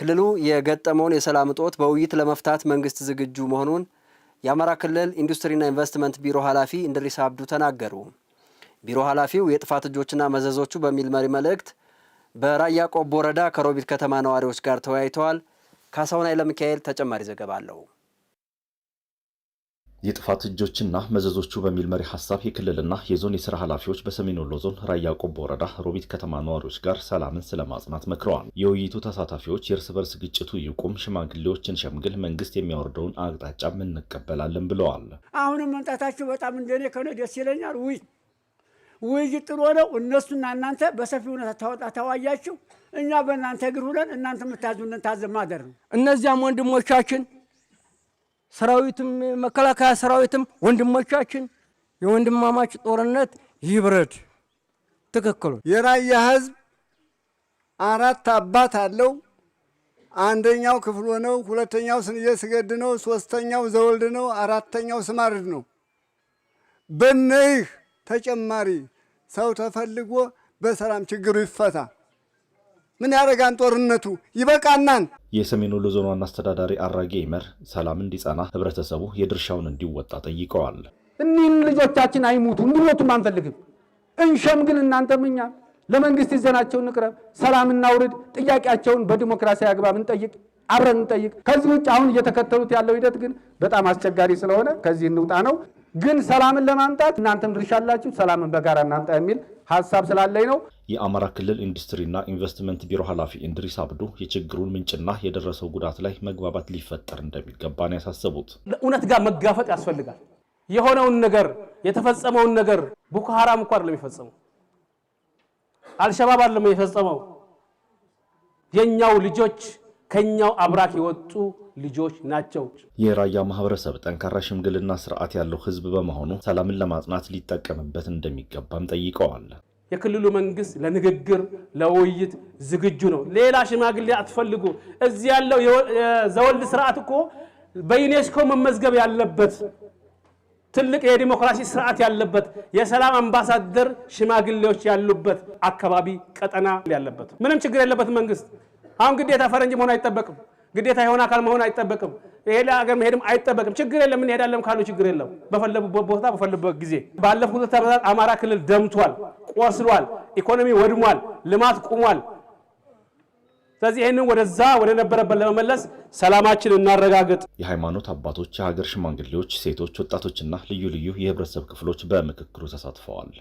ክልሉ የገጠመውን የሰላም እጦት በውይይት ለመፍታት መንግስት ዝግጁ መሆኑን የአማራ ክልል ኢንዱስትሪና ኢንቨስትመንት ቢሮ ኃላፊ እንድሪስ አብዱ ተናገሩ። ቢሮ ኃላፊው የጥፋት እጆችና መዘዞቹ በሚል መሪ መልእክት በራያ ቆቦ ወረዳ ከሮቢት ከተማ ነዋሪዎች ጋር ተወያይተዋል። ካሳሁን ኃይለ ሚካኤል ተጨማሪ ዘገባ አለው። የጥፋት እጆችና መዘዞቹ በሚል መሪ ሀሳብ የክልልና የዞን የስራ ኃላፊዎች በሰሜን ወሎ ዞን ራያ ቆቦ ወረዳ ሮቢት ከተማ ነዋሪዎች ጋር ሰላምን ስለማጽናት መክረዋል። የውይይቱ ተሳታፊዎች የእርስ በርስ ግጭቱ ይቁም፣ ሽማግሌዎችን ሸምግል፣ መንግስት የሚያወርደውን አቅጣጫ እንቀበላለን ብለዋል። አሁንም መምጣታችሁ በጣም እንደኔ ከሆነ ደስ ይለኛል። ውይ ውይይት ጥሩ ነው። እነሱና እናንተ በሰፊ ሁነት ታዋያችሁ እኛ በእናንተ እግር ሁለን እናንተ የምታዙንን ታዘማደር ነው። እነዚያም ወንድሞቻችን ሰራዊትም መከላከያ ሰራዊትም ወንድሞቻችን የወንድማማች ጦርነት ይብረድ። ትክክሉ የራያ ህዝብ አራት አባት አለው። አንደኛው ክፍሎ ነው፣ ሁለተኛው ስንዬ ስገድ ነው፣ ሶስተኛው ዘወልድ ነው፣ አራተኛው ስማርድ ነው። በነይህ ተጨማሪ ሰው ተፈልጎ በሰላም ችግሩ ይፈታ። ምን ያደረጋን ጦርነቱ ይበቃናን። የሰሜን ወሎ ዞን ዋና አስተዳዳሪ አራጌ ይመር ሰላም እንዲጸና ህብረተሰቡ የድርሻውን እንዲወጣ ጠይቀዋል። እኒህም ልጆቻችን አይሙቱ እንዲሞቱም አንፈልግም። ግን እናንተም እኛ ለመንግስት ይዘናቸው እንቅረብ፣ ሰላም እናውርድ፣ ጥያቄያቸውን በዲሞክራሲያዊ አግባብ እንጠይቅ፣ አብረን እንጠይቅ። ከዚህ ውጭ አሁን እየተከተሉት ያለው ሂደት ግን በጣም አስቸጋሪ ስለሆነ ከዚህ እንውጣ ነው። ግን ሰላምን ለማምጣት እናንተም ድርሻ አላችሁ፣ ሰላምን በጋራ እናምጣ የሚል ሀሳብ ስላለኝ ነው። የአማራ ክልል ኢንዱስትሪና ኢንቨስትመንት ቢሮ ኃላፊ እንድሪስ አብዱ የችግሩን ምንጭና የደረሰው ጉዳት ላይ መግባባት ሊፈጠር እንደሚገባ ነው ያሳሰቡት። እውነት ጋር መጋፈጥ ያስፈልጋል። የሆነውን ነገር የተፈጸመውን ነገር ቦኮ ሀራም እኮ አይደለም የፈጸመው፣ አልሸባብ አይደለም የፈጸመው። የእኛው ልጆች ከኛው አብራክ የወጡ ልጆች ናቸው። የራያ ማህበረሰብ ጠንካራ ሽምግልና ስርዓት ያለው ህዝብ በመሆኑ ሰላምን ለማጽናት ሊጠቀምበት እንደሚገባም ጠይቀዋል። የክልሉ መንግስት ለንግግር ለውይይት ዝግጁ ነው። ሌላ ሽማግሌ አትፈልጉ። እዚህ ያለው ዘወልድ ስርዓት እኮ በዩኔስኮ መመዝገብ ያለበት ትልቅ የዲሞክራሲ ስርዓት ያለበት የሰላም አምባሳደር ሽማግሌዎች ያሉበት አካባቢ ቀጠና ያለበት ምንም ችግር የለበት። መንግስት አሁን ግዴታ ፈረንጅ መሆን አይጠበቅም። ግዴታ የሆነ አካል መሆን አይጠበቅም። ይሄ ለሀገር መሄድም አይጠበቅም። ችግር የለም እንሄዳለን ካሉ ችግር የለም። በፈለጉበት ቦታ በፈለጉበት ጊዜ። ባለፉት ሁለት ዓመታት አማራ ክልል ደምቷል፣ ቆስሏል፣ ኢኮኖሚ ወድሟል፣ ልማት ቁሟል። ስለዚህ ይህንን ወደዛ ወደ ነበረበት ለመመለስ ሰላማችን እናረጋግጥ። የሃይማኖት አባቶች፣ የሀገር ሽማግሌዎች፣ ሴቶች፣ ወጣቶችና ልዩ ልዩ የህብረተሰብ ክፍሎች በምክክሩ ተሳትፈዋል።